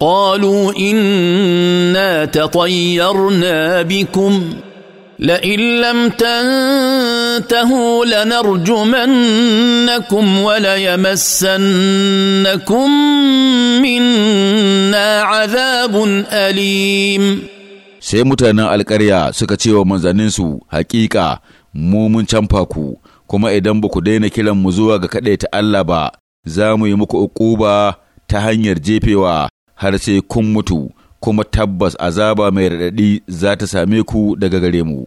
قالوا انا تطيرنا بكم لئن لم تنتهوا لنرجمنكم وليمسنكم منا عذاب اليم sai mutanen alkarya suka ce wa manzanninsu hakika mu mun canfa ku kuma idan ba ku daina kiran mu zuwa ga kaɗai ta Allah ba za mu yi muku uquba ta hanyar jefewa har sai kun mutu kuma tabbas azaba mai raɗaɗi za ta same ku daga gare mu.